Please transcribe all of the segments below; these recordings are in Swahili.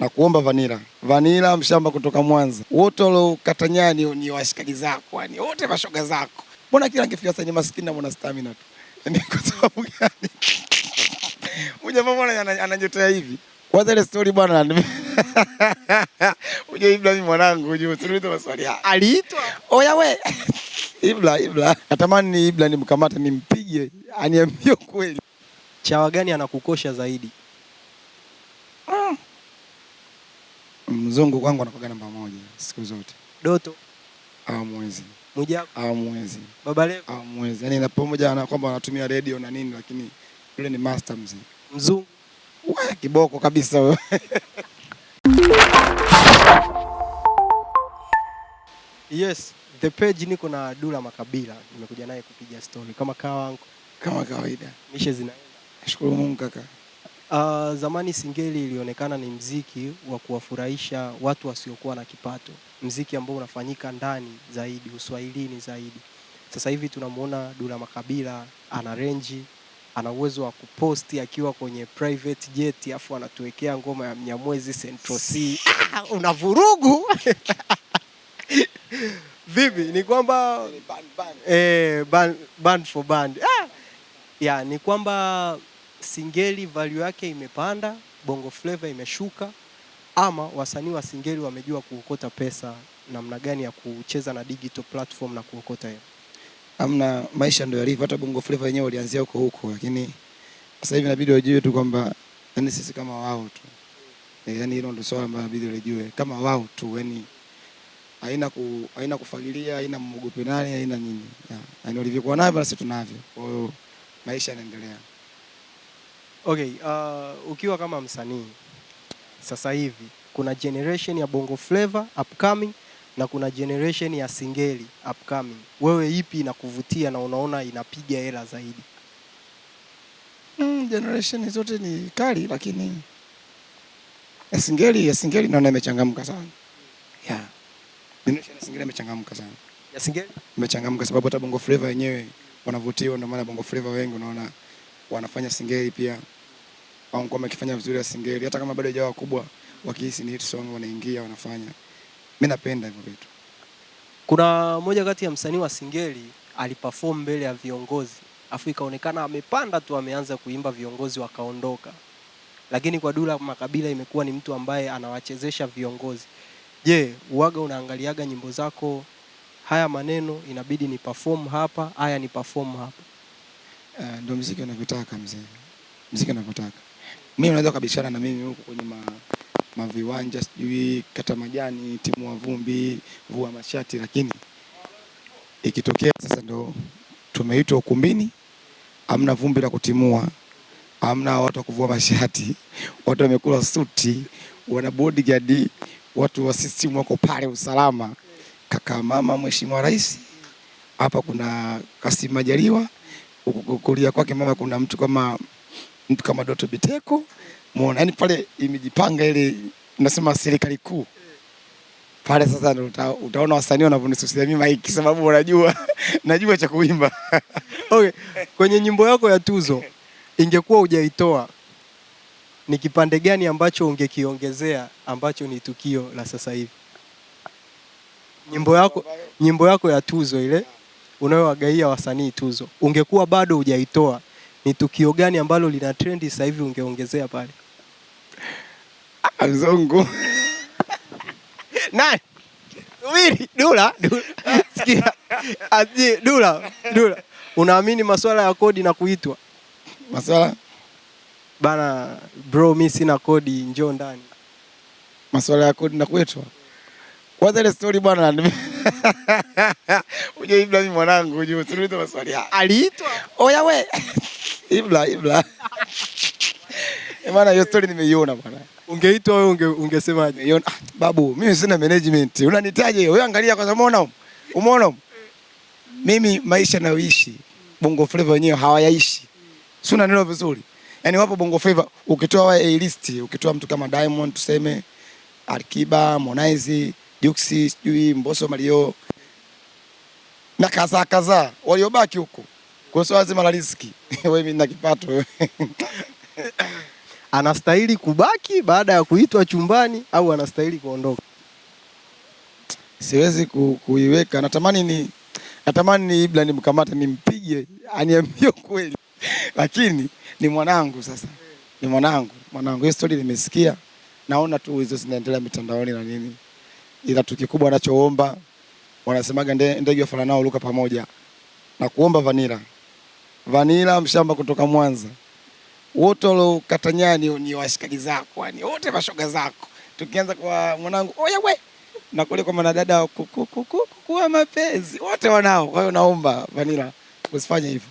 na kuomba Vanila Vanila mshamba kutoka Mwanza, wote waliokata nyani ni washikaji zako, yani wote mashoga zako. Mbona kila angefika sasa ni maskini na mwana stamina tu, ni kwa sababu gani? Ujamaa mbona ananyotea hivi? Kwanza ile story bwana, uje Ibla, mimi mwanangu, uje usiruhusu maswali haya. Aliitwa oya, we Ibla, Ibla natamani ni Ibla nimkamate nimpige, aniambie kweli chawa gani anakukosha zaidi. mzungu kwangu anakuwa namba moja siku zote. Doto hawamwezi, Mwijaku mwezi Baba au mwezi, Yani na pamoja na kwamba wanatumia redio na nini, lakini yule ni master mzee. Mzungu wewe kiboko kabisa wewe. Yes, the page niko na Dula Makabila, nimekuja naye kupiga story kama kawa kama kawaida. Mishe zinaenda. Nashukuru Mungu kaka. Uh, zamani Singeli ilionekana ni mziki wa kuwafurahisha watu wasiokuwa na kipato, mziki ambao unafanyika ndani zaidi, uswahilini zaidi. Sasa hivi tunamwona Dula Makabila ana renji, ana uwezo wa kuposti akiwa kwenye private jet, afu anatuwekea ngoma ya Mnyamwezi Central C. unavurugu una vurugu vipi? Ni kwamba eh, band for band, ah, ya ni kwamba Singeli value yake imepanda, bongo flavor imeshuka, ama wasanii wa Singeli wamejua kuokota pesa namna gani ya kucheza na digital platform na kuokota hiyo. Amna, maisha ndio yalivyo. Hata bongo flavor yenyewe walianzia huko huko, lakini sasa hivi inabidi wajue tu kwamba yani sisi kama wao tu e, yani hilo ndio swala ambalo inabidi walijue kama wao tu, yani haina ku, haina kufagilia, haina mmogope nani, haina nini, yani walivyokuwa navyo na sisi tunavyo. Kwa hiyo maisha yanaendelea. Okay, uh, ukiwa kama msanii sasa hivi kuna generation ya Bongo Flava upcoming na kuna generation ya singeli upcoming. Wewe ipi inakuvutia na unaona inapiga hela zaidi? Mm, generation zote ni kali lakini ya singeli ya singeli naona imechangamka sana. Yeah. Generation ya singeli imechangamka sana. Ya singeli imechangamka sababu hata Bongo Flava wenyewe wanavutiwa, ndio maana Bongo Flava wengi unaona wanafanya singeli pia wamekuwa wakifanya vizuri Asingeli, hata kama bado hajawa kubwa, wakihisi ni hit song wanaingia wanafanya. Mimi napenda hivyo vitu. Kuna moja kati ya msanii wa Singeli aliperform mbele ya viongozi, afu ikaonekana amepanda tu, ameanza kuimba, viongozi wakaondoka. Lakini kwa Dula Makabila imekuwa ni mtu ambaye anawachezesha viongozi. Je, uwaga unaangaliaga nyimbo zako haya maneno inabidi ni perform hapa, haya ni perform hapa? Uh, ndio muziki unavyotaka mzee, muziki unavyotaka mimi unaweza kabishana na mimi huko kwenye ma, maviwanja sijui kata majani, timu wa vumbi, vua mashati, lakini ikitokea sasa ndo tumeitwa ukumbini, amna vumbi la kutimua, amna watu wa kuvua mashati, watu wamekula suti, wana bodyguard, watu wa system wako pale usalama. Kaka mama Mheshimiwa Rais hapa kuna Kassim Majaliwa, kulia kwake mama kuna mtu kama mtu kama Doto Biteko muona, yani pale imejipanga ile nasema serikali kuu pale. Sasa uta, utaona wasanii wanavyonisusia mimi maiki, sababu unajua najua cha kuimba okay. Kwenye nyimbo yako ya tuzo ingekuwa hujaitoa ni kipande gani ambacho ungekiongezea ambacho ni tukio la sasa hivi? Nyimbo yako, nyimbo yako ya tuzo ile unayowagaia wasanii tuzo, ungekuwa bado hujaitoa ni tukio gani ambalo lina trend sasa hivi ungeongezea pale? Mzungu nani? Subiri Dula, Dula. Sikia. Aje Dula, Dula. Unaamini masuala ya kodi na kuitwa? Masuala? Bana bro, mimi sina kodi, njoo ndani. Masuala ya kodi na kuitwa? Kwanza ile story bwana. Uje ibla mimi mwanangu, uje usiruhusu maswali haya. Aliitwa? Oya we. Ibla ibla. Maana hiyo story nimeiona bwana. Ungeitwa wewe unge, ungesemaje? Unge ah, babu, mimi sina management. Unanitaje wewe? Angalia kwanza, umeona umeona mimi maisha nayoishi Bongo Flava wenyewe hawayaishi. Si unanielewa vizuri? Yaani wapo Bongo Flava ukitoa wa A list, ukitoa mtu kama Diamond tuseme, Alikiba, Monaizi, Juksi, sijui Mbosso Mario na kaza kaza waliobaki huko kwa hiyo lazima la riziki. Wewe mimi nina kipato wewe. Anastahili kubaki baada ya kuitwa chumbani au anastahili kuondoka? Siwezi ku, kuiweka. Natamani ni natamani ni Ibra nimkamate nimpige aniambie kweli. Lakini ni mwanangu sasa. Ni mwanangu. Mwanangu hiyo story nimesikia. Naona tu hizo zinaendelea mitandaoni na nini. Ila tukikubwa anachoomba wanasemaga ndege wafanana nao luka pamoja. Na kuomba vanira Vanila mshamba kutoka Mwanza, wote waliokata nyani ni washikaji zako, yani wote mashoga zako. Tukianza kwa mwanangu oya we na kule kwa mwanadada kuwa mapenzi wote wanao. Kwa hiyo naomba Vanila usifanye hivyo.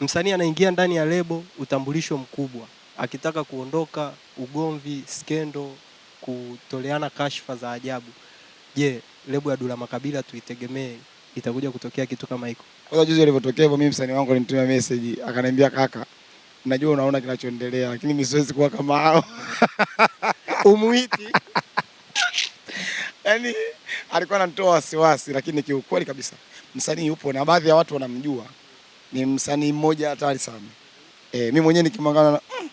Msanii anaingia ndani ya lebo, utambulisho mkubwa, akitaka kuondoka, ugomvi, skendo, kutoleana kashfa za ajabu. Je, lebo ya Dula Makabila tuitegemee itakuja kutokea kitu kama hiko. Kwanza juzi ilivyotokea hivyo, mimi msanii wangu alinitumia message akaniambia, kaka, najua unaona kinachoendelea, lakini mimi siwezi kuwa kama hao umuiti yani, alikuwa ananitoa wasiwasi, lakini kiukweli kabisa msanii yupo na baadhi ya watu wanamjua, ni msanii mmoja hatari sana. E, mimi mwenyewe nikimwangalia na mm.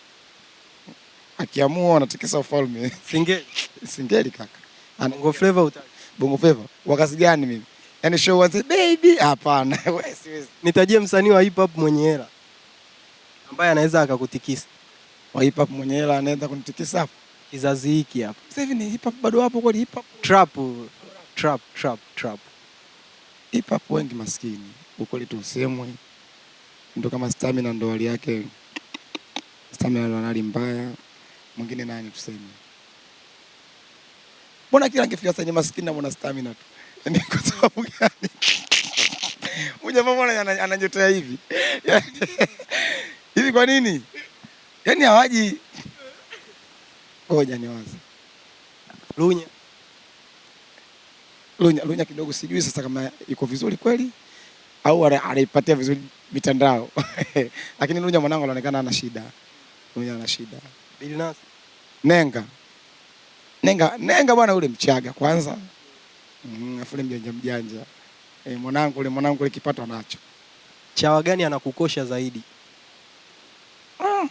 akiamua anatikisa ufalme singeli singeli, kaka, Bongo Flava utaki Bongo Flava wakati gani mimi yani show was a baby, hapana. Nitajie msanii wa hip hop mwenye hela ambaye anaweza akakutikisa. Wa hip hop mwenye hela anaweza kunitikisa hapo kizazi hiki hapo. Sasa hivi ni hip hop bado hapo kwa hip hop trap trap trap trap. Hip hop wengi maskini, ukweli tu usemwe, ndo kama stamina ndo hali yake, stamina ndo hali mbaya. Mwingine nani tuseme? Mbona kila angefika sasa ni maskini na mwana stamina tu ni kwa sababu gani? Huyu jamaa mbona anajotea hivi hivi? Kwa nini? yani hawaji. Ngoja niwaze. Lunya Lunya, Lunya kidogo, sijui sasa kama iko vizuri kweli au anaipatia vizuri mitandao lakini Lunya mwanangu anaonekana ana shida. Lunya ana shida. Bilnas Nenga Nenga Nenga bwana, yule Mchaga kwanza Mm, afule mjanja mjanja. Eh, e, mwanangu ule mwanangu ule kipato nacho. Chawa gani anakukosha zaidi? Mm.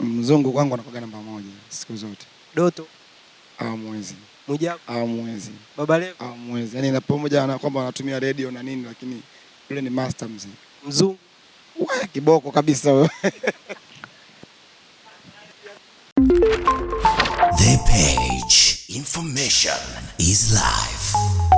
Mzungu kwangu anakuwa namba moja siku zote. Doto hawamwezi. Mwijaku hawamwezi. Baba Levo hawamwezi. Yaani na pamoja na kwamba wanatumia redio na nini, lakini yule ni master mzee. Mzungu wewe kiboko kabisa wewe. The Pay. Information is life.